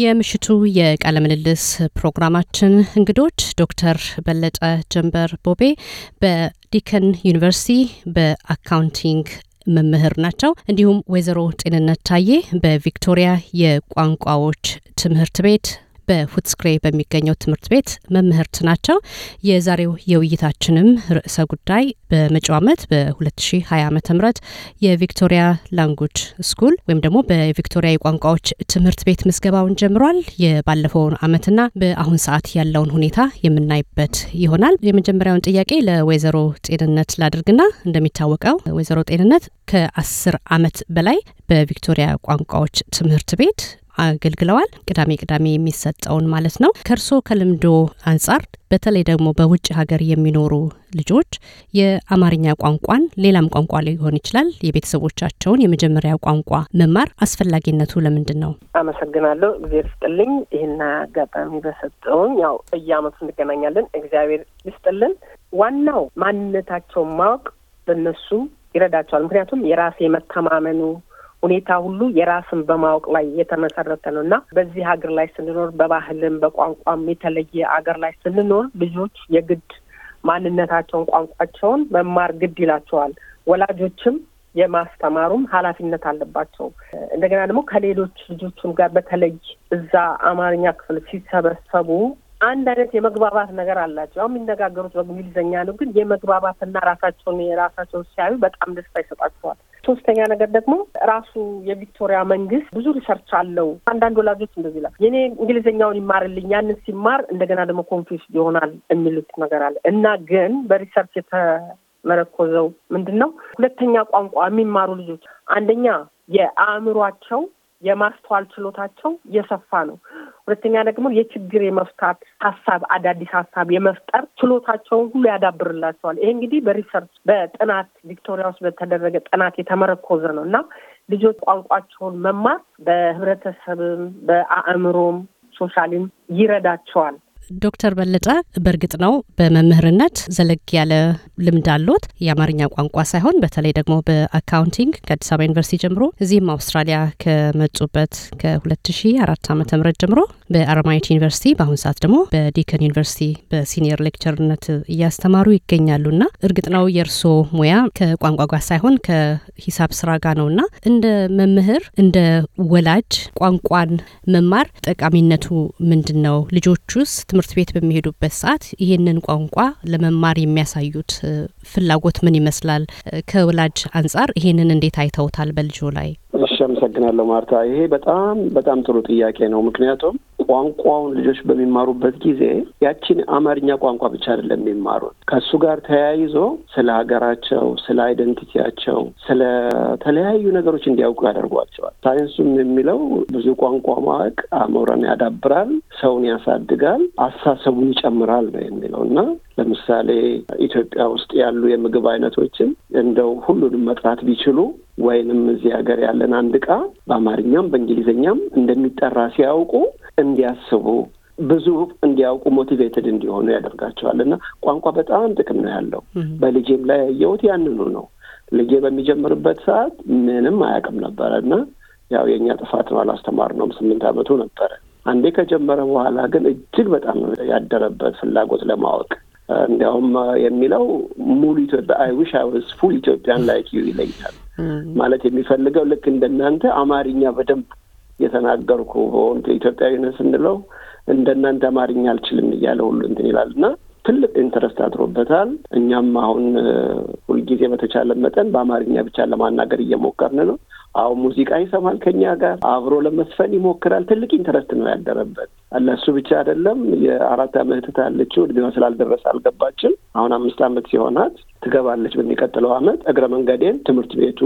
የምሽቱ የቃለ ምልልስ ፕሮግራማችን እንግዶች ዶክተር በለጠ ጀንበር ቦቤ በዲከን ዩኒቨርሲቲ በአካውንቲንግ መምህር ናቸው። እንዲሁም ወይዘሮ ጤንነት ታዬ በቪክቶሪያ የቋንቋዎች ትምህርት ቤት በሁትስክሬ በሚገኘው ትምህርት ቤት መምህርት ናቸው። የዛሬው የውይይታችንም ርዕሰ ጉዳይ በመጪው ዓመት በ2020 ዓ ም የቪክቶሪያ ላንጉጅ ስኩል ወይም ደግሞ በቪክቶሪያ የቋንቋዎች ትምህርት ቤት ምዝገባውን ጀምሯል። የባለፈውን ዓመትና በአሁን ሰዓት ያለውን ሁኔታ የምናይበት ይሆናል። የመጀመሪያውን ጥያቄ ለወይዘሮ ጤንነት ላድርግና እንደሚታወቀው ወይዘሮ ጤንነት ከአስር ዓመት በላይ በቪክቶሪያ ቋንቋዎች ትምህርት ቤት አገልግለዋል። ቅዳሜ ቅዳሜ የሚሰጠውን ማለት ነው። ከእርሶ ከልምዶ አንጻር በተለይ ደግሞ በውጭ ሀገር የሚኖሩ ልጆች የአማርኛ ቋንቋን ሌላም ቋንቋ ሊሆን ይችላል የቤተሰቦቻቸውን የመጀመሪያ ቋንቋ መማር አስፈላጊነቱ ለምንድን ነው? አመሰግናለሁ። እግዚአብሔር ስጥልኝ ይህና አጋጣሚ በሰጠውን ያው እየአመቱ እንገናኛለን። እግዚአብሔር ይስጥልን። ዋናው ማንነታቸውን ማወቅ በነሱ ይረዳቸዋል። ምክንያቱም የራሴ መተማመኑ ሁኔታ ሁሉ የራስን በማወቅ ላይ የተመሰረተ ነው እና በዚህ ሀገር ላይ ስንኖር በባህልም በቋንቋም የተለየ ሀገር ላይ ስንኖር ልጆች የግድ ማንነታቸውን፣ ቋንቋቸውን መማር ግድ ይላቸዋል። ወላጆችም የማስተማሩም ኃላፊነት አለባቸው። እንደገና ደግሞ ከሌሎች ልጆቹም ጋር በተለይ እዛ አማርኛ ክፍል ሲሰበሰቡ አንድ አይነት የመግባባት ነገር አላቸው። አሁን የሚነጋገሩት በእንግሊዝኛ ነው፣ ግን የመግባባትና ራሳቸውን የራሳቸውን ሲያዩ በጣም ደስታ ይሰጣቸዋል። ሶስተኛ ነገር ደግሞ ራሱ የቪክቶሪያ መንግስት ብዙ ሪሰርች አለው። አንዳንድ ወላጆች እንደዚህ ይላል፣ የኔ እንግሊዝኛውን ይማርልኝ፣ ያንን ሲማር እንደገና ደግሞ ኮንፊውስ ይሆናል የሚሉት ነገር አለ እና ግን በሪሰርች የተመረኮዘው ምንድን ነው ሁለተኛ ቋንቋ የሚማሩ ልጆች አንደኛ የአእምሯቸው የማስተዋል ችሎታቸው የሰፋ ነው። ሁለተኛ ደግሞ የችግር የመፍታት ሀሳብ አዳዲስ ሀሳብ የመፍጠር ችሎታቸውን ሁሉ ያዳብርላቸዋል። ይሄ እንግዲህ በሪሰርች በጥናት ቪክቶሪያ ውስጥ በተደረገ ጥናት የተመረኮዘ ነው እና ልጆች ቋንቋቸውን መማር በህብረተሰብም በአእምሮም ሶሻሊም ይረዳቸዋል። ዶክተር በለጠ በእርግጥ ነው በመምህርነት ዘለግ ያለ ልምድ አሎት። የአማርኛ ቋንቋ ሳይሆን በተለይ ደግሞ በአካውንቲንግ ከአዲስ አበባ ዩኒቨርሲቲ ጀምሮ እዚህም አውስትራሊያ ከመጡበት ከ2004 ም ጀምሮ በአርማይት ዩኒቨርሲቲ በአሁኑ ሰዓት ደግሞ በዲከን ዩኒቨርሲቲ በሲኒየር ሌክቸርነት እያስተማሩ ይገኛሉና እርግጥ ነው የእርሶ ሙያ ከቋንቋ ጋር ሳይሆን ከሂሳብ ስራ ጋር ነውና እንደ መምህር እንደ ወላጅ ቋንቋን መማር ጠቃሚነቱ ምንድን ነው? ውስጥ ትምህርት ቤት በሚሄዱበት ሰዓት ይህንን ቋንቋ ለመማር የሚያሳዩት ፍላጎት ምን ይመስላል? ከወላጅ አንጻር ይህንን እንዴት አይተውታል በልጆ ላይ? እሺ፣ አመሰግናለሁ ማርታ። ይሄ በጣም በጣም ጥሩ ጥያቄ ነው። ምክንያቱም ቋንቋውን ልጆች በሚማሩበት ጊዜ ያችን አማርኛ ቋንቋ ብቻ አይደለም የሚማሩት። ከእሱ ጋር ተያይዞ ስለ ሀገራቸው፣ ስለ አይደንቲቲያቸው፣ ስለ ተለያዩ ነገሮች እንዲያውቁ ያደርጓቸዋል። ሳይንሱም የሚለው ብዙ ቋንቋ ማወቅ አእምሮን ያዳብራል፣ ሰውን ያሳድጋል፣ አስተሳሰቡን ይጨምራል ነው የሚለው እና ለምሳሌ ኢትዮጵያ ውስጥ ያሉ የምግብ አይነቶችን እንደው ሁሉንም መጥራት ቢችሉ ወይንም እዚህ ሀገር ያለን አንድ እቃ በአማርኛም በእንግሊዝኛም እንደሚጠራ ሲያውቁ እንዲያስቡ ብዙ እንዲያውቁ ሞቲቬትድ እንዲሆኑ ያደርጋቸዋል እና ቋንቋ በጣም ጥቅም ነው ያለው። በልጄም ላይ ያየሁት ያንኑ ነው። ልጄ በሚጀምርበት ሰዓት ምንም አያውቅም ነበረ እና ያው የእኛ ጥፋት ነው አላስተማርነውም። ስምንት ዓመቱ ነበረ። አንዴ ከጀመረ በኋላ ግን እጅግ በጣም ያደረበት ፍላጎት ለማወቅ እንዲያውም የሚለው ሙሉ ኢትዮጵያ አይ ዊሽ አይ ዋዝ ፉል ኢትዮጵያን ላይክ ዩ ይለኛል። ማለት የሚፈልገው ልክ እንደናንተ አማርኛ በደንብ የተናገርኩ በሆን ኢትዮጵያዊነት ስንለው እንደናንተ አማርኛ አልችልም እያለ ሁሉ እንትን ይላል እና ትልቅ ኢንትረስት አድሮበታል። እኛም አሁን ሁልጊዜ በተቻለ መጠን በአማርኛ ብቻ ለማናገር እየሞከርን ነው። አሁን ሙዚቃ ይሰማል ከኛ ጋር አብሮ ለመስፈን ይሞክራል። ትልቅ ኢንትረስት ነው ያደረበት። እነሱ ብቻ አይደለም። የአራት ዓመት እህት አለችው። እድሜዋ ስላልደረሰ አልገባችም። አሁን አምስት ዓመት ሲሆናት ትገባለች። በሚቀጥለው ዓመት እግረ መንገዴን ትምህርት ቤቱ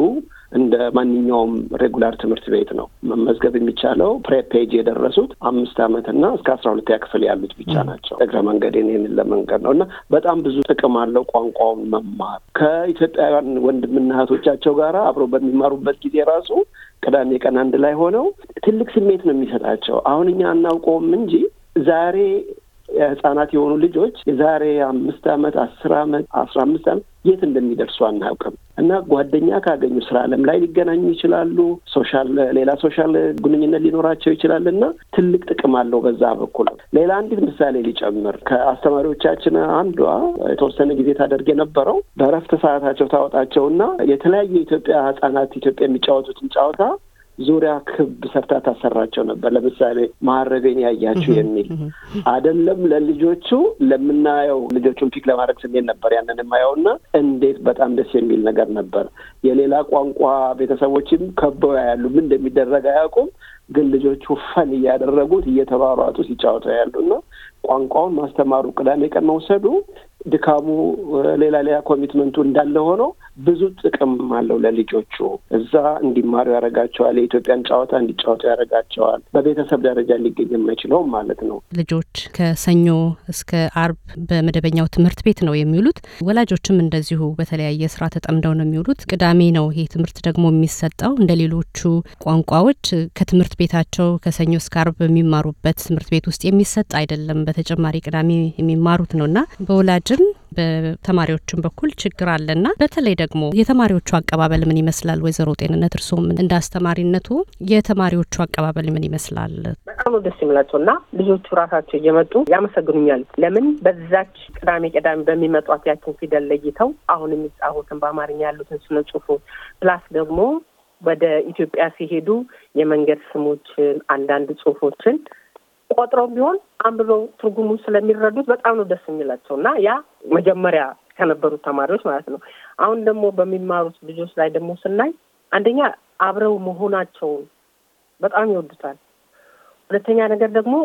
እንደ ማንኛውም ሬጉላር ትምህርት ቤት ነው መመዝገብ የሚቻለው። ፕሬፔጅ የደረሱት አምስት ዓመትና እስከ አስራ ሁለተኛ ክፍል ያሉት ብቻ ናቸው። እግረ መንገዴን ይህንን ለመንገድ ነው እና በጣም ብዙ ጥቅም አለው። ቋንቋውን መማር ከኢትዮጵያውያን ወንድምና እህቶቻቸው ጋር አብረው በሚማሩበት ጊዜ ራሱ ቅዳሜ ቀን አንድ ላይ ሆነው ትልቅ ስሜት ነው የሚሰጣቸው። አሁን እኛ አናውቀውም እንጂ ዛሬ ህጻናት የሆኑ ልጆች የዛሬ አምስት ዓመት አስር ዓመት አስራ አምስት ዓመት የት እንደሚደርሱ አናውቅም እና ጓደኛ ካገኙ ስራ አለም ላይ ሊገናኙ ይችላሉ። ሶሻል ሌላ ሶሻል ግንኙነት ሊኖራቸው ይችላል እና ትልቅ ጥቅም አለው በዛ በኩል። ሌላ አንዲት ምሳሌ ሊጨምር ከአስተማሪዎቻችን አንዷ የተወሰነ ጊዜ ታደርግ የነበረው በእረፍት ሰዓታቸው ታወጣቸውና የተለያዩ የኢትዮጵያ ህጻናት ኢትዮጵያ የሚጫወቱትን ጨዋታ ዙሪያ ክብ ሰርታ ታሰራቸው ነበር። ለምሳሌ ማረቤን ያያችሁ የሚል አይደለም ለልጆቹ ለምናየው ልጆቹን ፒክ ለማድረግ ስሜት ነበር ያንን የማየው እና እንዴት በጣም ደስ የሚል ነገር ነበር። የሌላ ቋንቋ ቤተሰቦችም ከበው ያሉ ምን እንደሚደረግ አያውቁም። ግን ልጆቹ ፈን እያደረጉት እየተባሯጡ ያሉ ያሉና ቋንቋውን ማስተማሩ ቅዳሜ ቀን መውሰዱ ድካሙ ሌላ ሌላ ኮሚትመንቱ እንዳለ ሆኖ ብዙ ጥቅም አለው ለልጆቹ። እዛ እንዲማሩ ያደርጋቸዋል። የኢትዮጵያን ጨዋታ እንዲጫወቱ ያደርጋቸዋል። በቤተሰብ ደረጃ ሊገኝ የማይችለውም ማለት ነው። ልጆች ከሰኞ እስከ አርብ በመደበኛው ትምህርት ቤት ነው የሚውሉት። ወላጆችም እንደዚሁ በተለያየ ስራ ተጠምደው ነው የሚውሉት። ቅዳሜ ነው ይሄ ትምህርት ደግሞ የሚሰጠው። እንደ ሌሎቹ ቋንቋዎች ከትምህርት ቤታቸው ከሰኞ እስከ አርብ በሚማሩበት ትምህርት ቤት ውስጥ የሚሰጥ አይደለም። በተጨማሪ ቅዳሜ የሚማሩት ነው እና በወላጅ በወላጅም በተማሪዎችም በኩል ችግር አለና በተለይ ደግሞ የተማሪዎቹ አቀባበል ምን ይመስላል? ወይዘሮ ጤንነት እርስዎም እንደ አስተማሪነቱ የተማሪዎቹ አቀባበል ምን ይመስላል? በጣም ደስ የሚላቸው እና ልጆቹ ራሳቸው እየመጡ ያመሰግኑኛል። ለምን በዛች ቅዳሜ ቅዳሜ በሚመጧት ያችን ፊደል ለይተው አሁን የሚጻፉትን በአማርኛ ያሉትን ስነ ጽሁፎች ፕላስ ደግሞ ወደ ኢትዮጵያ ሲሄዱ የመንገድ ስሞችን አንዳንድ ጽሁፎችን ቆጥረው ቢሆን አንብበው ትርጉሙ ስለሚረዱት በጣም ነው ደስ የሚላቸው እና ያ መጀመሪያ ከነበሩት ተማሪዎች ማለት ነው። አሁን ደግሞ በሚማሩት ልጆች ላይ ደግሞ ስናይ አንደኛ አብረው መሆናቸውን በጣም ይወዱታል። ሁለተኛ ነገር ደግሞ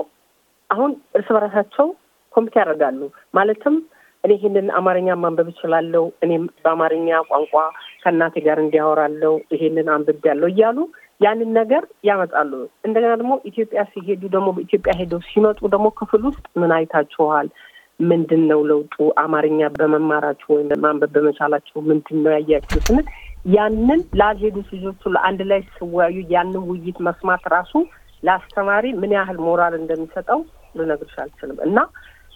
አሁን እርስ በራሳቸው ኮሚቴ ያደርጋሉ። ማለትም እኔ ይህንን አማርኛ ማንበብ እችላለሁ፣ እኔም በአማርኛ ቋንቋ ከእናቴ ጋር እንዲያወራለው ይሄንን ያለው እያሉ ያንን ነገር ያመጣሉ። እንደገና ደግሞ ኢትዮጵያ ሲሄዱ ደግሞ በኢትዮጵያ ሄደው ሲመጡ ደግሞ ክፍል ውስጥ ምን አይታችኋል? ምንድን ነው ለውጡ? አማርኛ በመማራችሁ ወይም ማንበብ በመቻላችሁ ምንድን ነው ያያችሁ ስንል ያንን ላልሄዱት ልጆቹ ለአንድ ላይ ሲወያዩ ያንን ውይይት መስማት ራሱ ለአስተማሪ ምን ያህል ሞራል እንደሚሰጠው ልነግርሽ አልችልም እና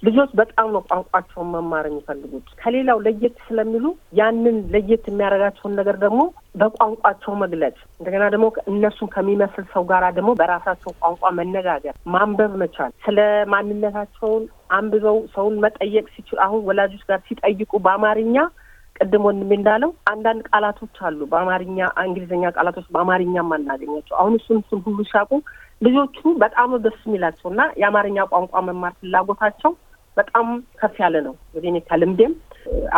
ልጆች በጣም ነው ቋንቋቸውን መማር የሚፈልጉት። ከሌላው ለየት ስለሚሉ ያንን ለየት የሚያደርጋቸውን ነገር ደግሞ በቋንቋቸው መግለጽ፣ እንደገና ደግሞ እነሱን ከሚመስል ሰው ጋራ ደግሞ በራሳቸው ቋንቋ መነጋገር፣ ማንበብ መቻል ስለ ማንነታቸውን አንብበው ሰውን መጠየቅ ሲችሉ አሁን ወላጆች ጋር ሲጠይቁ በአማርኛ ቅድም ወንድሜ እንዳለው አንዳንድ ቃላቶች አሉ በአማርኛ እንግሊዝኛ ቃላቶች በአማርኛ ማናገኛቸው አሁን እሱን እሱን ሁሉ ሲያውቁ ልጆቹ በጣም ደስ የሚላቸው እና የአማርኛ ቋንቋ መማር ፍላጎታቸው በጣም ከፍ ያለ ነው። ወደ እኔ ከልምዴም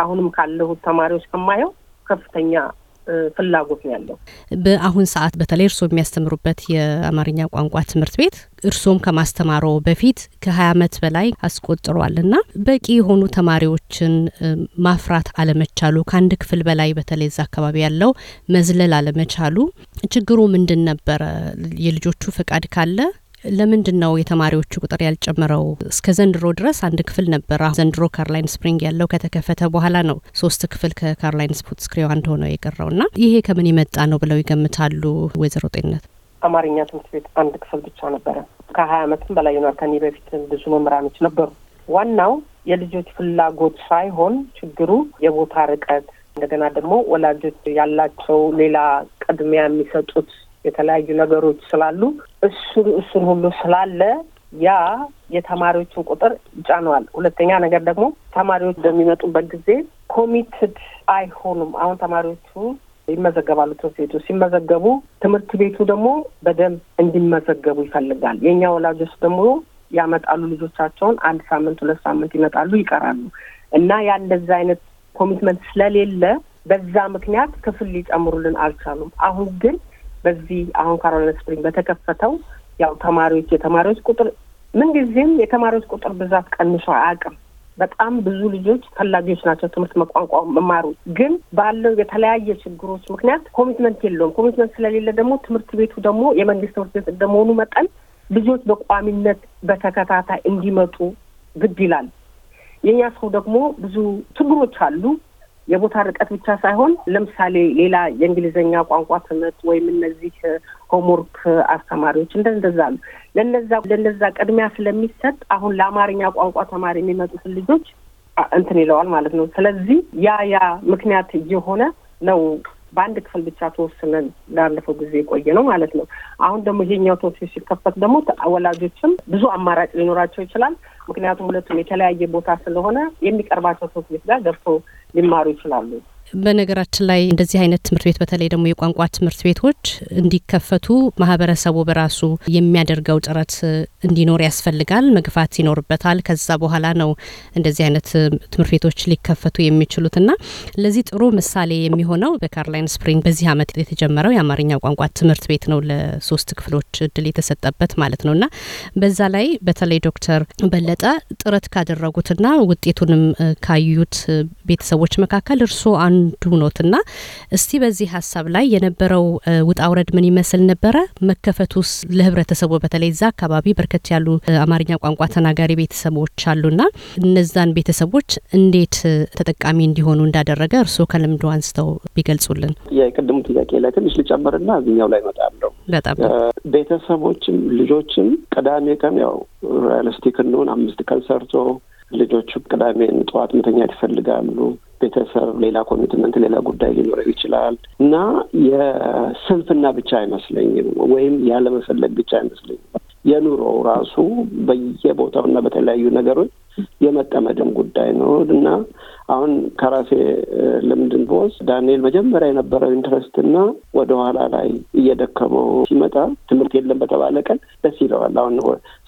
አሁንም ካለሁት ተማሪዎች ከማየው ከፍተኛ ፍላጎት ነው ያለው። በአሁን ሰዓት በተለይ እርስዎ የሚያስተምሩበት የአማርኛ ቋንቋ ትምህርት ቤት እርስዎም ከማስተማሮ በፊት ከሀያ አመት በላይ አስቆጥሯል እና በቂ የሆኑ ተማሪዎችን ማፍራት አለመቻሉ፣ ከአንድ ክፍል በላይ በተለይ እዛ አካባቢ ያለው መዝለል አለመቻሉ ችግሩ ምንድን ነበረ? የልጆቹ ፈቃድ ካለ ለምንድን ነው የተማሪዎቹ ቁጥር ያልጨመረው? እስከ ዘንድሮ ድረስ አንድ ክፍል ነበረ። ዘንድሮ ካርላይን ስፕሪንግ ያለው ከተከፈተ በኋላ ነው ሶስት ክፍል ከካርላይን ፉትስክሬ አንድ ሆነው የቀረው እና ይሄ ከምን የመጣ ነው ብለው ይገምታሉ ወይዘሮ ጤንነት? አማርኛ ትምህርት ቤት አንድ ክፍል ብቻ ነበረ። ከሀያ አመትም በላይ ይሆናል። ከኔ በፊት ብዙ መምህራኖች ነበሩ። ዋናው የልጆች ፍላጎት ሳይሆን ችግሩ የቦታ ርቀት እንደገና ደግሞ ወላጆች ያላቸው ሌላ ቅድሚያ የሚሰጡት የተለያዩ ነገሮች ስላሉ እሱን እሱን ሁሉ ስላለ ያ የተማሪዎችን ቁጥር ይጫነዋል። ሁለተኛ ነገር ደግሞ ተማሪዎች በሚመጡበት ጊዜ ኮሚትድ አይሆኑም። አሁን ተማሪዎቹ ይመዘገባሉ። ትምህርት ቤቱ ሲመዘገቡ ትምህርት ቤቱ ደግሞ በደንብ እንዲመዘገቡ ይፈልጋል። የእኛ ወላጆች ደግሞ ያመጣሉ ልጆቻቸውን አንድ ሳምንት፣ ሁለት ሳምንት ይመጣሉ፣ ይቀራሉ እና ያ እንደዛ አይነት ኮሚትመንት ስለሌለ በዛ ምክንያት ክፍል ሊጨምሩልን አልቻሉም። አሁን ግን በዚህ አሁን ካሮላይና ስፕሪንግ በተከፈተው ያው ተማሪዎች የተማሪዎች ቁጥር ምንጊዜም የተማሪዎች ቁጥር ብዛት ቀንሶ አያውቅም። በጣም ብዙ ልጆች ፈላጊዎች ናቸው ትምህርት መቋንቋ መማሩ። ግን ባለው የተለያየ ችግሮች ምክንያት ኮሚትመንት የለውም። ኮሚትመንት ስለሌለ ደግሞ ትምህርት ቤቱ ደግሞ የመንግስት ትምህርት ቤት እንደመሆኑ መጠን ልጆች በቋሚነት በተከታታይ እንዲመጡ ግድ ይላል። የእኛ ሰው ደግሞ ብዙ ችግሮች አሉ። የቦታ ርቀት ብቻ ሳይሆን ለምሳሌ ሌላ የእንግሊዝኛ ቋንቋ ትምህርት ወይም እነዚህ ሆምወርክ አስተማሪዎች እንደ እንደዛ አሉ። ለነዛ ለነዛ ቅድሚያ ስለሚሰጥ አሁን ለአማርኛ ቋንቋ ተማሪ የሚመጡትን ልጆች እንትን ይለዋል ማለት ነው። ስለዚህ ያ ያ ምክንያት እየሆነ ነው በአንድ ክፍል ብቻ ተወስነን ላለፈው ጊዜ የቆየ ነው ማለት ነው። አሁን ደግሞ ይሄኛው ተወስኖ ሲከፈት ደግሞ ወላጆችም ብዙ አማራጭ ሊኖራቸው ይችላል። ምክንያቱም ሁለቱም የተለያየ ቦታ ስለሆነ የሚቀርባቸው ትምህርት ቤት ጋር ገብቶ ሊማሩ ይችላሉ። በነገራችን ላይ እንደዚህ አይነት ትምህርት ቤት በተለይ ደግሞ የቋንቋ ትምህርት ቤቶች እንዲከፈቱ ማህበረሰቡ በራሱ የሚያደርገው ጥረት እንዲኖር ያስፈልጋል፣ መግፋት ይኖርበታል። ከዛ በኋላ ነው እንደዚህ አይነት ትምህርት ቤቶች ሊከፈቱ የሚችሉት እና ለዚህ ጥሩ ምሳሌ የሚሆነው በካርላይን ስፕሪንግ በዚህ አመት የተጀመረው የአማርኛ ቋንቋ ትምህርት ቤት ነው። ለሶስት ክፍሎች እድል የተሰጠበት ማለት ነው እና በዛ ላይ በተለይ ዶክተር በለጠ ጥረት ካደረጉትና ውጤቱንም ካዩት ቤተሰቦች መካከል እርስዎ አንዱ አንዱ ኖትና እስቲ በዚህ ሀሳብ ላይ የነበረው ውጣ ውረድ ምን ይመስል ነበረ? መከፈቱስ ለህብረተሰቡ በተለይ እዛ አካባቢ በርከት ያሉ አማርኛ ቋንቋ ተናጋሪ ቤተሰቦች አሉና እነዛን ቤተሰቦች እንዴት ተጠቃሚ እንዲሆኑ እንዳደረገ እርስዎ ከልምዶ አንስተው ቢገልጹልን። የቅድሙ ጥያቄ ላይ ትንሽ ልጨምርና እዚኛው ላይ እመጣለሁ። በጣም ቤተሰቦችም ልጆችም ቅዳሜ ቀን ያው ሪያሊስቲክ እንሆን አምስት ቀን ሰርቶ ልጆቹ ቅዳሜን ጠዋት መተኛት ይፈልጋሉ። ቤተሰብ፣ ሌላ ኮሚትመንት፣ ሌላ ጉዳይ ሊኖረው ይችላል እና የስንፍና ብቻ አይመስለኝም ወይም ያለመፈለግ ብቻ አይመስለኝም። የኑሮ ራሱ በየቦታው እና በተለያዩ ነገሮች የመጠመድም ጉዳይ ነው እና አሁን ከራሴ ልምድን ቦስ ዳንኤል መጀመሪያ የነበረው ኢንትረስት እና ወደኋላ ላይ እየደከመው ሲመጣ ትምህርት የለም በተባለ ቀን ደስ ይለዋል። አሁን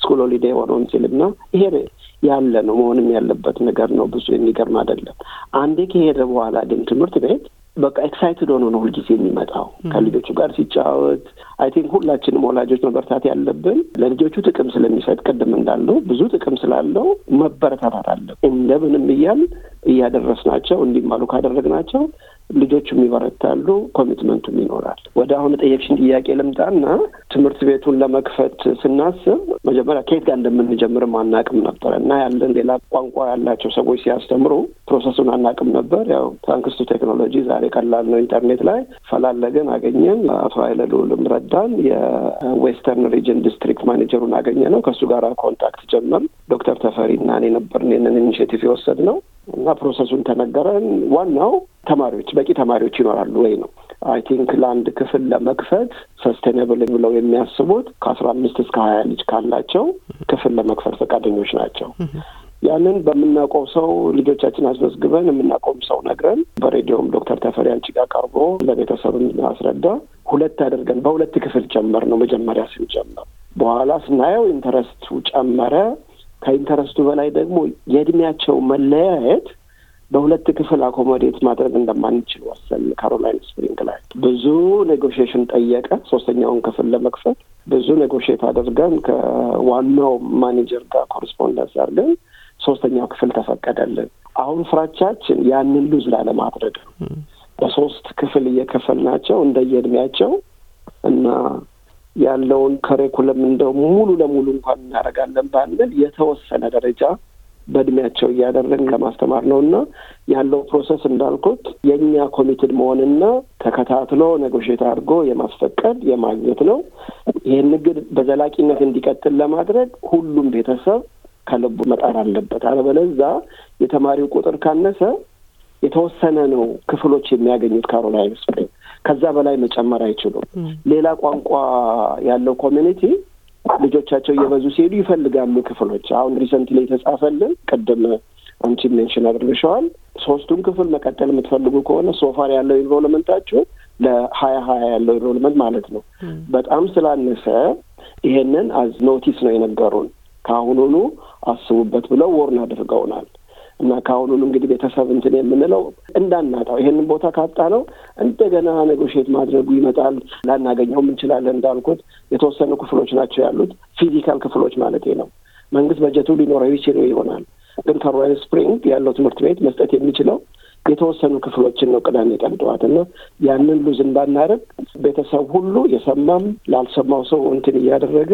ስኩል ሆሊዴይ ሆኖም ሲል ይሄ ያለ ነው መሆንም ያለበት ነገር ነው። ብዙ የሚገርም አይደለም። አንዴ ከሄደ በኋላ ግን ትምህርት ቤት በቃ ኤክሳይትድ ሆኖ ነው ሁልጊዜ የሚመጣው ከልጆቹ ጋር ሲጫወት። አይ ቲንክ ሁላችንም ወላጆች መበረታት ያለብን ለልጆቹ ጥቅም ስለሚሰጥ ቅድም እንዳለው ብዙ ጥቅም ስላለው መበረታታት አለ እንደምንም እያል እያደረስናቸው እንዲማሉ ካደረግናቸው ልጆቹም ይበረታሉ፣ ኮሚትመንቱም ይኖራል። ወደ አሁን ጠየቅሽን ጥያቄ ልምጣና ትምህርት ቤቱን ለመክፈት ስናስብ መጀመሪያ ከየት ጋር እንደምንጀምርም አናቅም ነበር እና ያለን ሌላ ቋንቋ ያላቸው ሰዎች ሲያስተምሩ ፕሮሰሱን አናቅም ነበር። ያው ታንክስቱ ቴክኖሎጂ ዛሬ ቀላል ነው። ኢንተርኔት ላይ ፈላለግን አገኘን። አቶ ኃይለ ልዑልም ረዳን። የዌስተርን ሪጅን ዲስትሪክት ማኔጀሩን አገኘ ነው። ከእሱ ጋር ኮንታክት ጀመር። ዶክተር ተፈሪ እና እኔ ነበርን ይህንን ኢኒሽቲቭ የወሰድ ነው እና ፕሮሰሱን ተነገረን ዋናው ተማሪዎች በቂ ተማሪዎች ይኖራሉ ወይ ነው። አይ ቲንክ ለአንድ ክፍል ለመክፈት ሰስቴናብል ብለው የሚያስቡት ከአስራ አምስት እስከ ሀያ ልጅ ካላቸው ክፍል ለመክፈት ፈቃደኞች ናቸው። ያንን በምናውቀው ሰው ልጆቻችን አስመዝግበን የምናውቀውም ሰው ነግረን፣ በሬዲዮም ዶክተር ተፈሪ አንቺ ጋር ቀርቦ ለቤተሰብ አስረዳ። ሁለት አድርገን በሁለት ክፍል ጀመር ነው መጀመሪያ ስንጀምር፣ በኋላ ስናየው ኢንተረስቱ ጨመረ። ከኢንተረስቱ በላይ ደግሞ የእድሜያቸው መለያየት በሁለት ክፍል አኮሞዴት ማድረግ እንደማንችል ወሰን። ካሮላይን ስፕሪንግ ላይ ብዙ ኔጎሽሽን ጠየቀ። ሶስተኛውን ክፍል ለመክፈት ብዙ ኔጎሽት አድርገን ከዋናው ማኔጀር ጋር ኮረስፖንደንስ አድርገን ሶስተኛው ክፍል ተፈቀደልን። አሁን ፍራቻችን ያንን ሉዝ ላለማድረግ ነው። በሶስት ክፍል እየከፈል ናቸው እንደየእድሜያቸው እና ያለውን ከሬኩለም እንደው ሙሉ ለሙሉ እንኳን እናደርጋለን ባንል የተወሰነ ደረጃ በእድሜያቸው እያደረግን ለማስተማር ነው እና ያለው ፕሮሰስ እንዳልኩት የእኛ ኮሚትድ መሆንና ተከታትሎ ነጎሽት አድርጎ የማስፈቀድ የማግኘት ነው። ይህን ንግድ በዘላቂነት እንዲቀጥል ለማድረግ ሁሉም ቤተሰብ ከልቡ መጣር አለበት። አለበለዛ የተማሪው ቁጥር ካነሰ የተወሰነ ነው ክፍሎች የሚያገኙት ካሮላይን ስፕሪንግ፣ ከዛ በላይ መጨመር አይችሉም። ሌላ ቋንቋ ያለው ኮሚኒቲ ልጆቻቸው እየበዙ ሲሄዱ ይፈልጋሉ ክፍሎች። አሁን ሪሰንት ላይ የተጻፈልን ቅድም አንቺ ሜንሽን አድርገሸዋል። ሶስቱን ክፍል መቀጠል የምትፈልጉ ከሆነ ሶፋር ያለው ኢንሮልመንታችሁ ለሀያ ሀያ ያለው ኢንሮልመንት ማለት ነው በጣም ስላነሰ ይሄንን አዝ ኖቲስ ነው የነገሩን። ከአሁኑኑ አስቡበት ብለው ወርን አድርገውናል። እና ከአሁኑን እንግዲህ ቤተሰብ እንትን የምንለው እንዳናጣው ይሄንን ቦታ ካጣ ነው እንደገና ነጎሽት ማድረጉ ይመጣል። ላናገኘውም እንችላለን። እንዳልኩት የተወሰኑ ክፍሎች ናቸው ያሉት ፊዚካል ክፍሎች ማለት ነው። መንግስት በጀቱ ሊኖረው ይችል ይሆናል፣ ግን ከሮያል ስፕሪንግ ያለው ትምህርት ቤት መስጠት የሚችለው የተወሰኑ ክፍሎችን ነው ቅዳሜ ቀን ጠዋት እና ያንን ሉዝ እንዳናደርግ ቤተሰብ ሁሉ የሰማም ላልሰማው ሰው እንትን እያደረገ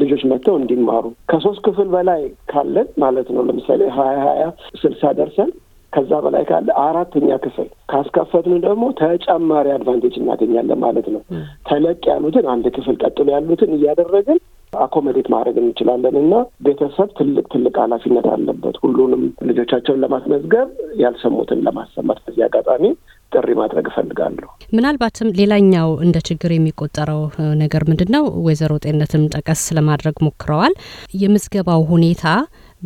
ልጆች መጥተው እንዲማሩ ከሶስት ክፍል በላይ ካለን ማለት ነው። ለምሳሌ ሀያ ሀያ ስልሳ ደርሰን ከዛ በላይ ካለ አራተኛ ክፍል ካስከፈትን ደግሞ ተጨማሪ አድቫንቴጅ እናገኛለን ማለት ነው። ተለቅ ያሉትን አንድ ክፍል ቀጥሎ ያሉትን እያደረግን አኮመዴት ማድረግ እንችላለን እና ቤተሰብ ትልቅ ትልቅ ኃላፊነት አለበት። ሁሉንም ልጆቻቸውን ለማስመዝገብ ያልሰሙትን ለማሰማት በዚህ አጋጣሚ ጥሪ ማድረግ እፈልጋለሁ። ምናልባትም ሌላኛው እንደ ችግር የሚቆጠረው ነገር ምንድን ነው? ወይዘሮ ጤነትም ጠቀስ ለማድረግ ሞክረዋል። የምዝገባው ሁኔታ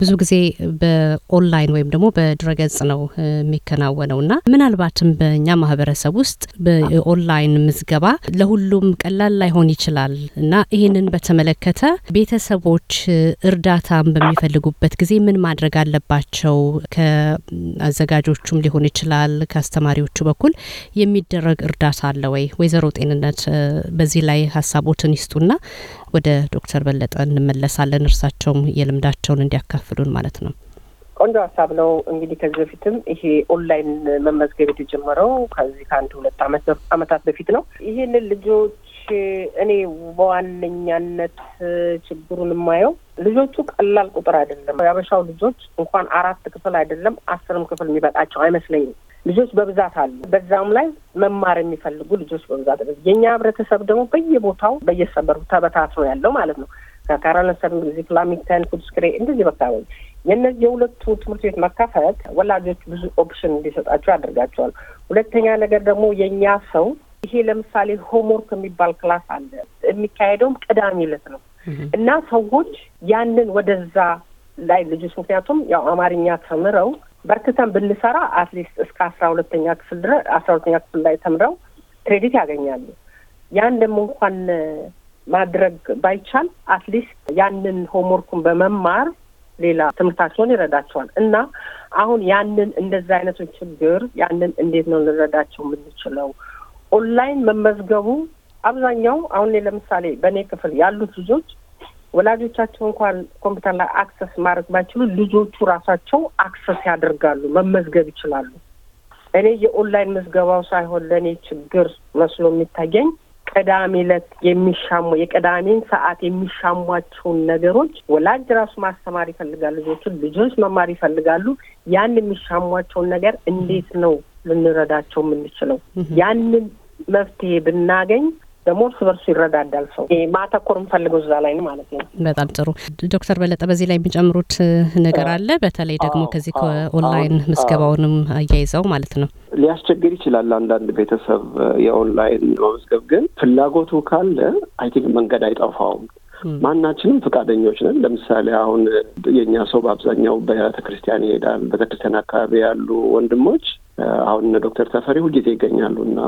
ብዙ ጊዜ በኦንላይን ወይም ደግሞ በድረገጽ ነው የሚከናወነው እና ምናልባትም በእኛ ማህበረሰብ ውስጥ በኦንላይን ምዝገባ ለሁሉም ቀላል ላይሆን ይችላል እና ይህንን በተመለከተ ቤተሰቦች እርዳታን በሚፈልጉበት ጊዜ ምን ማድረግ አለባቸው? ከአዘጋጆቹም ሊሆን ይችላል ከአስተማሪዎቹ በኩል የሚደረግ እርዳታ አለ ወይ? ወይዘሮ ጤንነት በዚህ ላይ ሀሳቦትን ይስጡና ወደ ዶክተር በለጠ እንመለሳለን። እርሳቸውም የልምዳቸውን እንዲያካፍሉን ማለት ነው። ቆንጆ ሀሳብ ነው። እንግዲህ ከዚህ በፊትም ይሄ ኦንላይን መመዝገብ የተጀመረው ከዚህ ከአንድ ሁለት አመታት በፊት ነው። ይህንን ልጆች እኔ በዋነኛነት ችግሩን የማየው ልጆቹ ቀላል ቁጥር አይደለም። ያበሻው ልጆች እንኳን አራት ክፍል አይደለም አስርም ክፍል የሚበቃቸው አይመስለኝም። ልጆች በብዛት አሉ። በዛም ላይ መማር የሚፈልጉ ልጆች በብዛት የእኛ ህብረተሰብ ደግሞ በየቦታው በየሰበሩ ተበታትኖ ያለው ማለት ነው። ከካራለሰብ ዚክ ላሚንግተን፣ ፉድስክሬ እንደዚህ በቃ የእነዚህ የሁለቱ ትምህርት ቤት መካፈት ወላጆች ብዙ ኦፕሽን እንዲሰጣቸው ያደርጋቸዋል። ሁለተኛ ነገር ደግሞ የእኛ ሰው ይሄ ለምሳሌ ሆምወርክ የሚባል ክላስ አለ። የሚካሄደውም ቅዳሜ ዕለት ነው እና ሰዎች ያንን ወደዛ ላይ ልጆች ምክንያቱም ያው አማርኛ ተምረው በርትተን ብንሰራ አትሊስት እስከ አስራ ሁለተኛ ክፍል ድረስ አስራ ሁለተኛ ክፍል ላይ ተምረው ክሬዲት ያገኛሉ። ያን ደግሞ እንኳን ማድረግ ባይቻል አትሊስት ያንን ሆምወርኩን በመማር ሌላ ትምህርታቸውን ይረዳቸዋል እና አሁን ያንን እንደዛ አይነቱን ችግር ያንን እንዴት ነው ልንረዳቸው የምንችለው? ኦንላይን መመዝገቡ አብዛኛው አሁን ለምሳሌ በእኔ ክፍል ያሉት ልጆች ወላጆቻቸው እንኳን ኮምፒውተር ላይ አክሰስ ማድረግ ባይችሉ ልጆቹ ራሳቸው አክሰስ ያደርጋሉ፣ መመዝገብ ይችላሉ። እኔ የኦንላይን ምዝገባው ሳይሆን ለእኔ ችግር መስሎ የሚታየኝ ቅዳሜ ዕለት የሚሻሙ የቅዳሜን ሰዓት የሚሻሟቸውን ነገሮች ወላጅ ራሱ ማስተማር ይፈልጋል፣ ልጆቹን ልጆች መማር ይፈልጋሉ። ያን የሚሻሟቸውን ነገር እንዴት ነው ልንረዳቸው የምንችለው? ያንን መፍትሄ ብናገኝ ደግሞ እርስ በርሱ ይረዳዳል። ሰው ማተኮር የምፈልገው እዛ ላይ ማለት ነው። በጣም ጥሩ ዶክተር በለጠ በዚህ ላይ የሚጨምሩት ነገር አለ? በተለይ ደግሞ ከዚህ ከኦንላይን ምዝገባውንም አያይዘው ማለት ነው። ሊያስቸግር ይችላል አንዳንድ ቤተሰብ የኦንላይን መመዝገብ፣ ግን ፍላጎቱ ካለ አይ ቲንክ መንገድ አይጠፋውም። ማናችንም ፈቃደኞች ነን። ለምሳሌ አሁን የእኛ ሰው በአብዛኛው በቤተክርስቲያን ይሄዳል። ቤተክርስቲያን አካባቢ ያሉ ወንድሞች አሁን እነ ዶክተር ተፈሪ ሁልጊዜ ይገኛሉ እና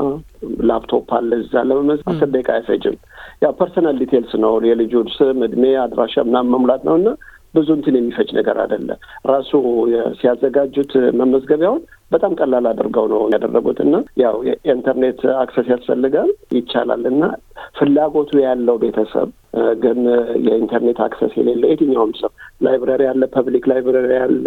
ላፕቶፕ አለ እዛ ለመመዝ አስር ደቂቃ አይፈጅም። ያው ፐርሰናል ዲቴልስ ነው የልጁን ስም፣ እድሜ፣ አድራሻ ምናምን መሙላት ነው እና ብዙ እንትን የሚፈጅ ነገር አይደለም። ራሱ ሲያዘጋጁት መመዝገቢያውን በጣም ቀላል አድርገው ነው ያደረጉት እና ያው የኢንተርኔት አክሰስ ያስፈልጋል ይቻላል እና ፍላጎቱ ያለው ቤተሰብ ግን የኢንተርኔት አክሰስ የሌለ የትኛውም ሰው ላይብረሪ አለ፣ ፐብሊክ ላይብረሪ አለ፣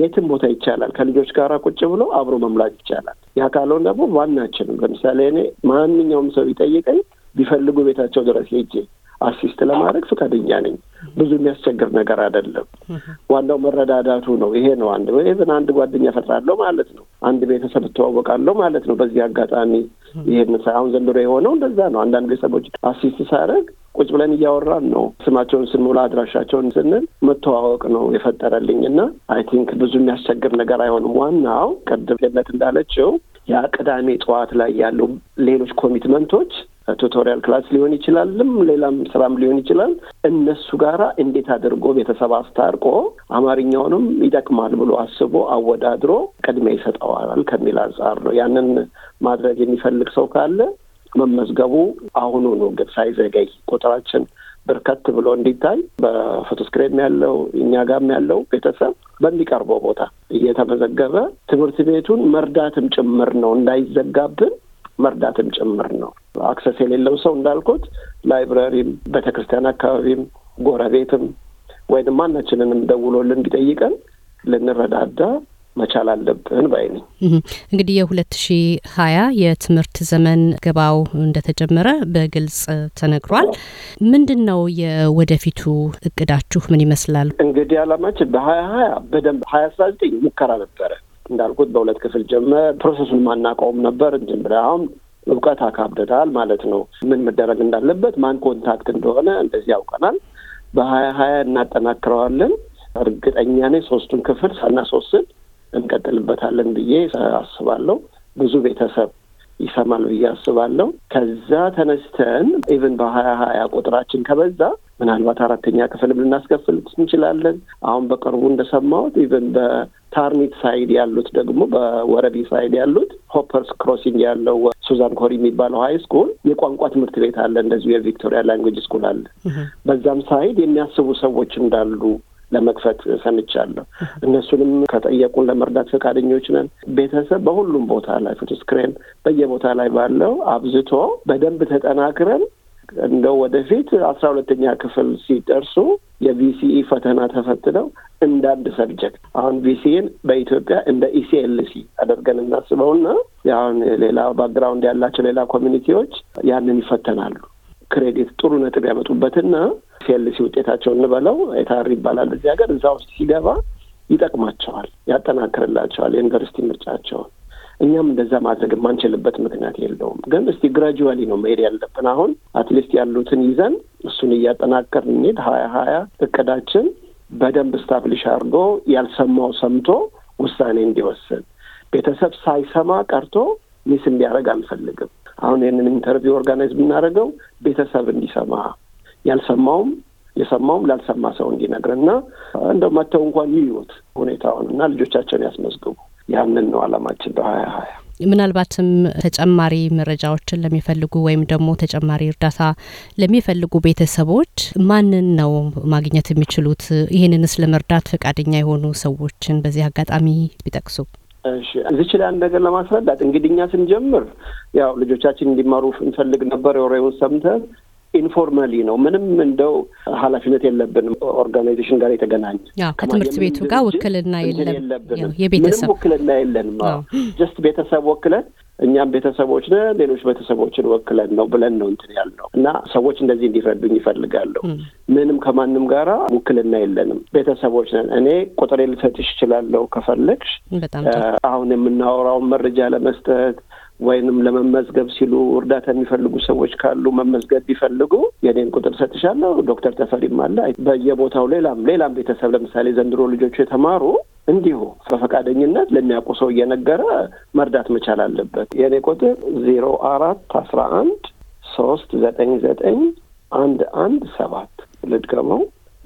የትም ቦታ ይቻላል። ከልጆች ጋር ቁጭ ብሎ አብሮ መሙላት ይቻላል። ያ ካልሆን ደግሞ ዋናችንም ለምሳሌ እኔ ማንኛውም ሰው ቢጠይቀኝ ቢፈልጉ ቤታቸው ድረስ ሄጄ አሲስት ለማድረግ ፈቃደኛ ነኝ። ብዙ የሚያስቸግር ነገር አይደለም። ዋናው መረዳዳቱ ነው። ይሄ ነው አንድ ይህን አንድ ጓደኛ ፈጥራለሁ ማለት ነው። አንድ ቤተሰብ እተዋወቃለሁ ማለት ነው። በዚህ አጋጣሚ ይህን አሁን ዘንድሮ የሆነው እንደዛ ነው። አንዳንድ ቤተሰቦች አሲስት ሳደርግ ቁጭ ብለን እያወራን ነው። ስማቸውን ስንሞላ አድራሻቸውን ስንል መተዋወቅ ነው የፈጠረልኝ እና አይ ቲንክ ብዙ የሚያስቸግር ነገር አይሆንም። ዋናው ቅድም ገነት እንዳለችው ያ ቅዳሜ ጠዋት ላይ ያሉ ሌሎች ኮሚትመንቶች ቱቶሪያል ክላስ ሊሆን ይችላልም ሌላም ስራም ሊሆን ይችላል። እነሱ ጋራ እንዴት አድርጎ ቤተሰብ አስታርቆ አማርኛውንም ይጠቅማል ብሎ አስቦ አወዳድሮ ቅድሚያ ይሰጠዋል ከሚል አንጻር ነው። ያንን ማድረግ የሚፈልግ ሰው ካለ መመዝገቡ አሁኑ ነው ሳይዘገይ ቁጥራችን በርከት ብሎ እንዲታይ በፎቶስክሬም ያለው እኛ ጋም ያለው ቤተሰብ በሚቀርበው ቦታ እየተመዘገበ ትምህርት ቤቱን መርዳትም ጭምር ነው እንዳይዘጋብን መርዳትም ጭምር ነው። አክሰስ የሌለው ሰው እንዳልኩት ላይብረሪም፣ ቤተክርስቲያን አካባቢም፣ ጎረቤትም ወይም ማናችንንም ደውሎልን ቢጠይቀን ልንረዳዳ መቻል አለብን ባይ ነኝ። እንግዲህ የሁለት ሺ ሀያ የትምህርት ዘመን ገባው እንደተጀመረ በግልጽ ተነግሯል። ምንድን ነው የወደፊቱ እቅዳችሁ? ምን ይመስላል? እንግዲህ አላማችን በሀያ ሀያ በደንብ ሀያ አስራ ዘጠኝ ሙከራ ነበረ እንዳልኩት በሁለት ክፍል ጀመር። ፕሮሰሱን ማናቀውም ነበር። ዝም ብለህ አሁን እውቀት አካብደታል ማለት ነው። ምን መደረግ እንዳለበት ማን ኮንታክት እንደሆነ እንደዚህ ያውቀናል። በሀያ ሀያ እናጠናክረዋለን። እርግጠኛ ነኝ ሶስቱን ክፍል ሳናስወስድ እንቀጥልበታለን ብዬ አስባለሁ። ብዙ ቤተሰብ ይሰማል ብዬ አስባለሁ። ከዛ ተነስተን ኢቨን በሀያ ሀያ ቁጥራችን ከበዛ ምናልባት አራተኛ ክፍልም ልናስከፍል እንችላለን። አሁን በቅርቡ እንደሰማሁት ኢቨን በታርኒት ሳይድ ያሉት ደግሞ በወረቢ ሳይድ ያሉት ሆፐርስ ክሮሲንግ ያለው ሱዛን ኮሪ የሚባለው ሀይ ስኩል የቋንቋ ትምህርት ቤት አለ። እንደዚሁ የቪክቶሪያ ላንጉጅ ስኩል አለ። በዛም ሳይድ የሚያስቡ ሰዎች እንዳሉ ለመክፈት ሰምቻለሁ። እነሱንም ከጠየቁን ለመርዳት ፈቃደኞች ነን። ቤተሰብ በሁሉም ቦታ ላይ ፎቶስክሬን በየቦታ ላይ ባለው አብዝቶ በደንብ ተጠናክረን እንደው ወደፊት አስራ ሁለተኛ ክፍል ሲደርሱ የቪሲኢ ፈተና ተፈትነው እንደ አንድ ሰብጀክት አሁን ቪሲኢን በኢትዮጵያ እንደ ኢሲኤልሲ አደርገን እናስበውና አሁን ሌላ ባክግራውንድ ያላቸው ሌላ ኮሚኒቲዎች ያንን ይፈተናሉ። ክሬዲት ጥሩ ነጥብ ያመጡበትና ሴልሲ ውጤታቸው እንበለው የታር ይባላል እዚህ ሀገር እዛ ውስጥ ሲገባ ይጠቅማቸዋል፣ ያጠናክርላቸዋል የዩኒቨርሲቲ ምርጫቸውን። እኛም እንደዛ ማድረግ የማንችልበት ምክንያት የለውም። ግን እስቲ ግራጁዋሊ ነው መሄድ ያለብን። አሁን አትሊስት ያሉትን ይዘን እሱን እያጠናከር እንሄድ። ሀያ ሀያ እቅዳችን በደንብ ስታብሊሽ አድርጎ ያልሰማው ሰምቶ ውሳኔ እንዲወስን ቤተሰብ ሳይሰማ ቀርቶ ሚስ እንዲያደርግ አንፈልግም። አሁን ይህንን ኢንተርቪው ኦርጋናይዝ ብናደርገው ቤተሰብ እንዲሰማ ያልሰማውም የሰማውም ላልሰማ ሰው እንዲነግር እና እንደው መተው እንኳን ይዩት ሁኔታውን እና ልጆቻቸውን ያስመዝግቡ። ያንን ነው አላማችን በሀያ ሀያ ምናልባትም ተጨማሪ መረጃዎችን ለሚፈልጉ ወይም ደግሞ ተጨማሪ እርዳታ ለሚፈልጉ ቤተሰቦች ማንን ነው ማግኘት የሚችሉት? ይህንንስ ለመርዳት ፈቃደኛ የሆኑ ሰዎችን በዚህ አጋጣሚ ቢጠቅሱ። እሺ እዚች ላይ አንድ ነገር ለማስረዳት እንግዲህ እኛ ስንጀምር ያው ልጆቻችን እንዲማሩ እንፈልግ ነበር። የወሬውን ሰምተን ኢንፎርማሊ ነው። ምንም እንደው ኃላፊነት የለብንም። ኦርጋናይዜሽን ጋር የተገናኘ ከትምህርት ቤቱ ጋር ውክልና የለብንም። የቤተሰብ ውክልና የለንም። ጀስት ቤተሰብ ወክለን እኛም ቤተሰቦች ነን፣ ሌሎች ቤተሰቦችን ወክለን ነው ብለን ነው እንትን ያልነው እና ሰዎች እንደዚህ እንዲረዱኝ ይፈልጋለሁ። ምንም ከማንም ጋራ ውክልና የለንም፣ ቤተሰቦች ነን። እኔ ቁጥሬ ልሰጥሽ እችላለሁ ከፈለግሽ። አሁን የምናወራውን መረጃ ለመስጠት ወይንም ለመመዝገብ ሲሉ እርዳታ የሚፈልጉ ሰዎች ካሉ መመዝገብ ቢፈልጉ የኔን ቁጥር ሰጥሻለሁ። ዶክተር ተፈሪም አለ በየቦታው ሌላም ሌላም ቤተሰብ ለምሳሌ ዘንድሮ ልጆቹ የተማሩ እንዲሁ በፈቃደኝነት ለሚያውቁ ሰው እየነገረ መርዳት መቻል አለበት። የኔ ቁጥር ዜሮ አራት አስራ አንድ ሶስት ዘጠኝ ዘጠኝ አንድ አንድ ሰባት ልድገመው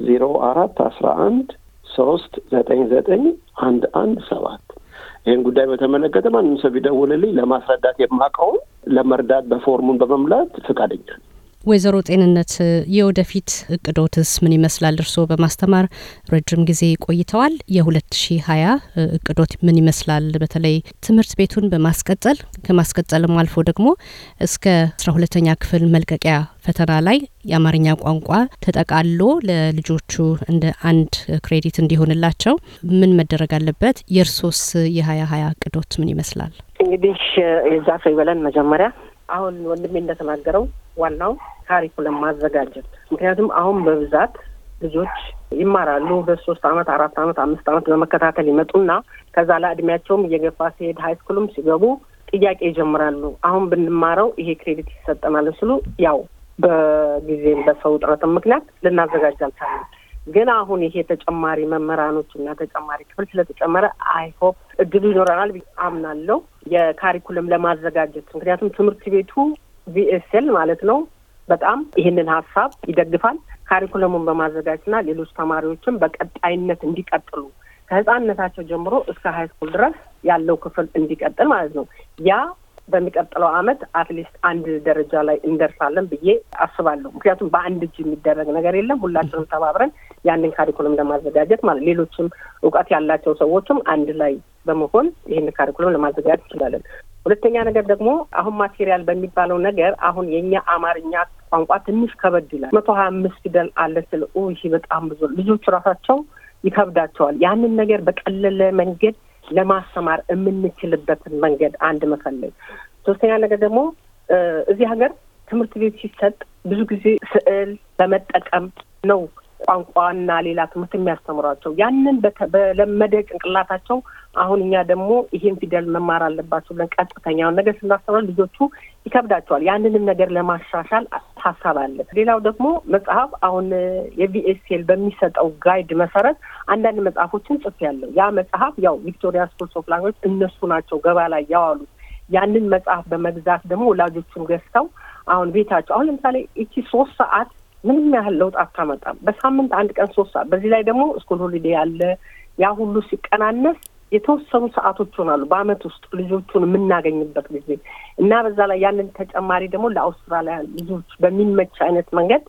ዜሮ አራት አስራ አንድ ሶስት ዘጠኝ ዘጠኝ አንድ አንድ ሰባት ይህን ጉዳይ በተመለከተ ማንም ሰው ቢደውልልኝ ለማስረዳት የማውቀውን ለመርዳት በፎርሙን በመምላት ፈቃደኛ ነኝ። ወይዘሮ ጤንነት የወደፊት እቅዶትስ ምን ይመስላል? እርስዎ በማስተማር ረጅም ጊዜ ቆይተዋል። የ2020 እቅዶት ምን ይመስላል? በተለይ ትምህርት ቤቱን በማስቀጠል ከማስቀጠልም አልፎ ደግሞ እስከ አስራ ሁለተኛ ክፍል መልቀቂያ ፈተና ላይ የአማርኛ ቋንቋ ተጠቃሎ ለልጆቹ እንደ አንድ ክሬዲት እንዲሆንላቸው ምን መደረግ አለበት? የእርሶስ የ2020 እቅዶት ምን ይመስላል? እንግዲህ የዛፈ ይበለን መጀመሪያ አሁን ወንድሜ እንደተናገረው ዋናው ካሪኩለም ማዘጋጀት። ምክንያቱም አሁን በብዛት ልጆች ይማራሉ ሁለት ሶስት አመት አራት አመት አምስት አመት በመከታተል ይመጡና ከዛ ላይ እድሜያቸውም እየገፋ ሲሄድ ሀይስኩልም ሲገቡ ጥያቄ ይጀምራሉ። አሁን ብንማረው ይሄ ክሬዲት ይሰጠናል ስሉ ያው በጊዜም በሰው ጥረትም ምክንያት ልናዘጋጅ አልቻለም። ግን አሁን ይሄ ተጨማሪ መምህራኖች እና ተጨማሪ ክፍል ስለተጨመረ አይሆፕ እድሉ ይኖረናል አምናለው የካሪኩለም ለማዘጋጀት ምክንያቱም ትምህርት ቤቱ ቪኤስኤል ማለት ነው። በጣም ይህንን ሀሳብ ይደግፋል። ካሪኩለሙን በማዘጋጀትና ሌሎች ተማሪዎችም በቀጣይነት እንዲቀጥሉ ከህፃንነታቸው ጀምሮ እስከ ሀይስኩል ድረስ ያለው ክፍል እንዲቀጥል ማለት ነው። ያ በሚቀጥለው አመት አትሊስት አንድ ደረጃ ላይ እንደርሳለን ብዬ አስባለሁ። ምክንያቱም በአንድ እጅ የሚደረግ ነገር የለም። ሁላችንም ተባብረን ያንን ካሪኩለም ለማዘጋጀት ማለት ሌሎችም እውቀት ያላቸው ሰዎችም አንድ ላይ በመሆን ይህን ካሪኩለም ለማዘጋጀት እንችላለን። ሁለተኛ ነገር ደግሞ አሁን ማቴሪያል በሚባለው ነገር አሁን የእኛ አማርኛ ቋንቋ ትንሽ ከበድ ይላል። መቶ ሀያ አምስት ፊደል አለ ስል ይህ በጣም ብዙ ልጆቹ ራሳቸው ይከብዳቸዋል። ያንን ነገር በቀለለ መንገድ ለማስተማር የምንችልበትን መንገድ አንድ መፈለግ። ሶስተኛ ነገር ደግሞ እዚህ ሀገር ትምህርት ቤት ሲሰጥ ብዙ ጊዜ ስዕል በመጠቀም ነው ቋንቋና ሌላ ትምህርት የሚያስተምሯቸው ያንን በለመደ ጭንቅላታቸው አሁን እኛ ደግሞ ይሄን ፊደል መማር አለባቸው ብለን ቀጥተኛውን ነገር ስናስተምራ ልጆቹ ይከብዳቸዋል። ያንንም ነገር ለማሻሻል ሀሳብ አለ። ሌላው ደግሞ መጽሐፍ አሁን የቪኤስኤል በሚሰጠው ጋይድ መሰረት አንዳንድ መጽሐፎችን ጽፍ ያለው ያ መጽሐፍ ያው ቪክቶሪያ ስኩልስ ኦፍ ላንጉዌጅ እነሱ ናቸው ገባ ላይ ያዋሉት። ያንን መጽሐፍ በመግዛት ደግሞ ወላጆቹን ገዝተው አሁን ቤታቸው አሁን ለምሳሌ እቺ ሶስት ሰዓት ምንም ያህል ለውጥ አታመጣም። በሳምንት አንድ ቀን ሶስት ሰዓት፣ በዚህ ላይ ደግሞ ስኩል ሆሊዴ ያለ ያ ሁሉ ሲቀናነስ የተወሰኑ ሰዓቶች ይሆናሉ በአመት ውስጥ ልጆቹን የምናገኝበት ጊዜ እና በዛ ላይ ያንን ተጨማሪ ደግሞ ለአውስትራሊያ ልጆች በሚመች አይነት መንገድ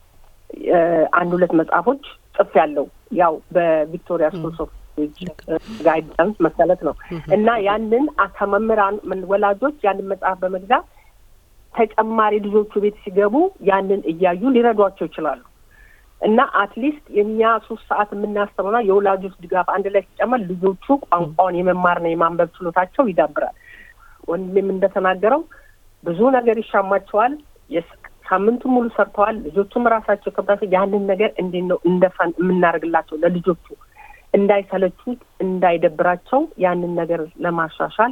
አንድ ሁለት መጽሐፎች ጽፍ ያለው ያው በቪክቶሪያ ስኩልስ ጋይዳንስ መሰለት ነው እና ያንን አተመምህራን ወላጆች ያንን መጽሐፍ በመግዛት ተጨማሪ ልጆቹ ቤት ሲገቡ ያንን እያዩ ሊረዷቸው ይችላሉ እና አትሊስት የእኛ ሶስት ሰዓት የምናስተምና የወላጆች ድጋፍ አንድ ላይ ሲጨመር ልጆቹ ቋንቋውን የመማርና የማንበብ ችሎታቸው ይዳብራል። ወንድም እንደተናገረው ብዙ ነገር ይሻማቸዋል። ሳምንቱን ሙሉ ሰርተዋል። ልጆቹም ራሳቸው ከብዳቸው ያንን ነገር እንዴት ነው እንደፈን የምናደርግላቸው ለልጆቹ እንዳይሰለቹት፣ እንዳይደብራቸው ያንን ነገር ለማሻሻል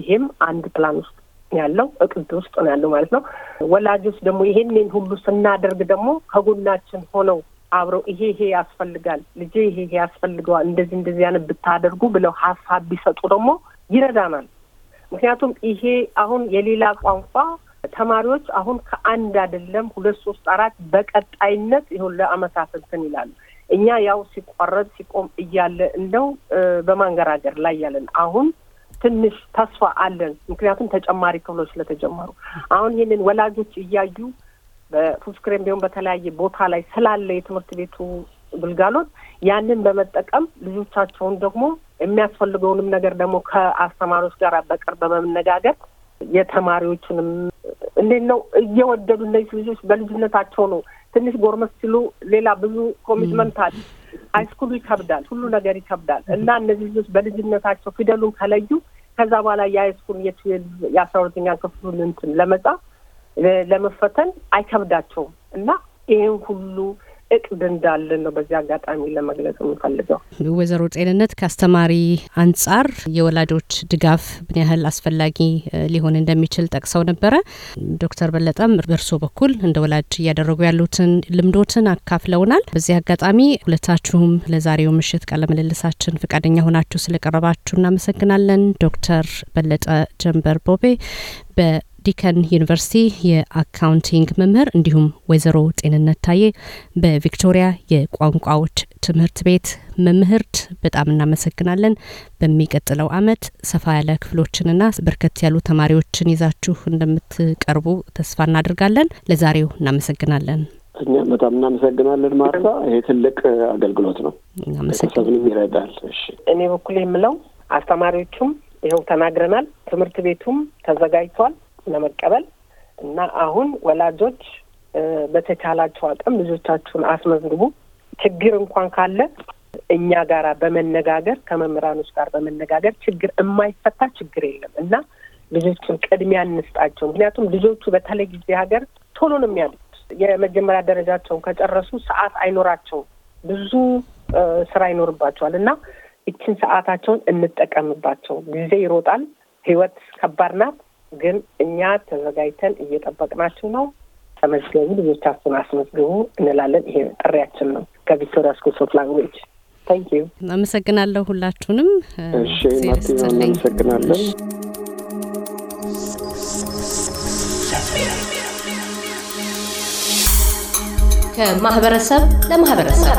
ይሄም አንድ ፕላን ውስጥ ያለው እቅድ ውስጥ ነው ያለው ማለት ነው። ወላጆች ደግሞ ይሄንን ሁሉ ስናደርግ ደግሞ ከጎናችን ሆነው አብረው ይሄ ይሄ ያስፈልጋል ልጄ ይሄ ይሄ ያስፈልገዋል እንደዚህ እንደዚህ ያንን ብታደርጉ ብለው ሀሳብ ቢሰጡ ደግሞ ይረዳናል። ምክንያቱም ይሄ አሁን የሌላ ቋንቋ ተማሪዎች አሁን ከአንድ አይደለም ሁለት ሶስት አራት በቀጣይነት ይሁን ለአመታት እንትን ይላሉ። እኛ ያው ሲቋረጥ ሲቆም እያለ እንደው በማንገራገር ላይ ያለን አሁን ትንሽ ተስፋ አለን። ምክንያቱም ተጨማሪ ክፍሎች ስለተጀመሩ አሁን ይህንን ወላጆች እያዩ በፉስክሬም ቢሆን በተለያየ ቦታ ላይ ስላለ የትምህርት ቤቱ ግልጋሎት ያንን በመጠቀም ልጆቻቸውን ደግሞ የሚያስፈልገውንም ነገር ደግሞ ከአስተማሪዎች ጋር በቅርብ በመነጋገር የተማሪዎችንም እንዴት ነው እየወደዱ እነዚህ ልጆች በልጅነታቸው ነው ትንሽ ጎርመስ ሲሉ ሌላ ብዙ ኮሚትመንት አለ ሃይስኩሉ ይከብዳል፣ ሁሉ ነገር ይከብዳል እና እነዚህ ልጆች በልጅነታቸው ፊደሉን ከለዩ ከዛ በኋላ የሃይስኩል የአስራ ሁለተኛ ክፍሉን እንትን ለመጻፍ ለመፈተን አይከብዳቸውም እና ይህን ሁሉ እቅድ እንዳለን ነው በዚህ አጋጣሚ ለመግለጽ የምፈልገው። ወይዘሮ ጤንነት ከአስተማሪ አንጻር የወላጆች ድጋፍ ምን ያህል አስፈላጊ ሊሆን እንደሚችል ጠቅሰው ነበረ። ዶክተር በለጠም በእርስዎ በኩል እንደ ወላጅ እያደረጉ ያሉትን ልምዶትን አካፍለውናል። በዚህ አጋጣሚ ሁለታችሁም ለዛሬው ምሽት ቃለ ፍቃደኛ ፈቃደኛ ሆናችሁ ስለቀረባችሁ እናመሰግናለን። ዶክተር በለጠ ጀንበር ቦቤ በ ዲከን ዩኒቨርሲቲ የአካውንቲንግ መምህር እንዲሁም ወይዘሮ ጤንነት ታዬ በቪክቶሪያ የቋንቋዎች ትምህርት ቤት መምህርት፣ በጣም እናመሰግናለን። በሚቀጥለው አመት ሰፋ ያለ ክፍሎችንና በርከት ያሉ ተማሪዎችን ይዛችሁ እንደምትቀርቡ ተስፋ እናደርጋለን። ለዛሬው እናመሰግናለን። እኛም በጣም እናመሰግናለን ማርታ። ይሄ ትልቅ አገልግሎት ነው፣ ቤተሰብንም ይረዳል። እኔ በኩል የምለው አስተማሪዎቹም ይኸው ተናግረናል፣ ትምህርት ቤቱም ተዘጋጅቷል። ለመቀበል እና አሁን ወላጆች በተቻላቸው አቅም ልጆቻችሁን አስመዝግቡ፣ ችግር እንኳን ካለ እኛ ጋራ በመነጋገር ከመምህራኖች ጋር በመነጋገር ችግር የማይፈታ ችግር የለም እና ልጆቹን ቅድሚያ እንስጣቸው። ምክንያቱም ልጆቹ በተለይ ጊዜ ሀገር ቶሎ ነው የሚያሉት። የመጀመሪያ ደረጃቸውን ከጨረሱ ሰዓት አይኖራቸው ብዙ ስራ ይኖርባቸዋል እና ይችን ሰዓታቸውን እንጠቀምባቸው። ጊዜ ይሮጣል፣ ህይወት ከባድ ናት። ግን እኛ ተዘጋጅተን እየጠበቅናችን ነው። ተመዝገቡ፣ ልጆቻችሁን አስመዝግቡ እንላለን። ይሄ ጥሪያችን ነው ከቪክቶሪያ ስኩል ኦፍ ላንጉዌጅ። ታንክ ዩ። አመሰግናለሁ ሁላችሁንም። እሺ አመሰግናለን። ከማህበረሰብ ለማህበረሰብ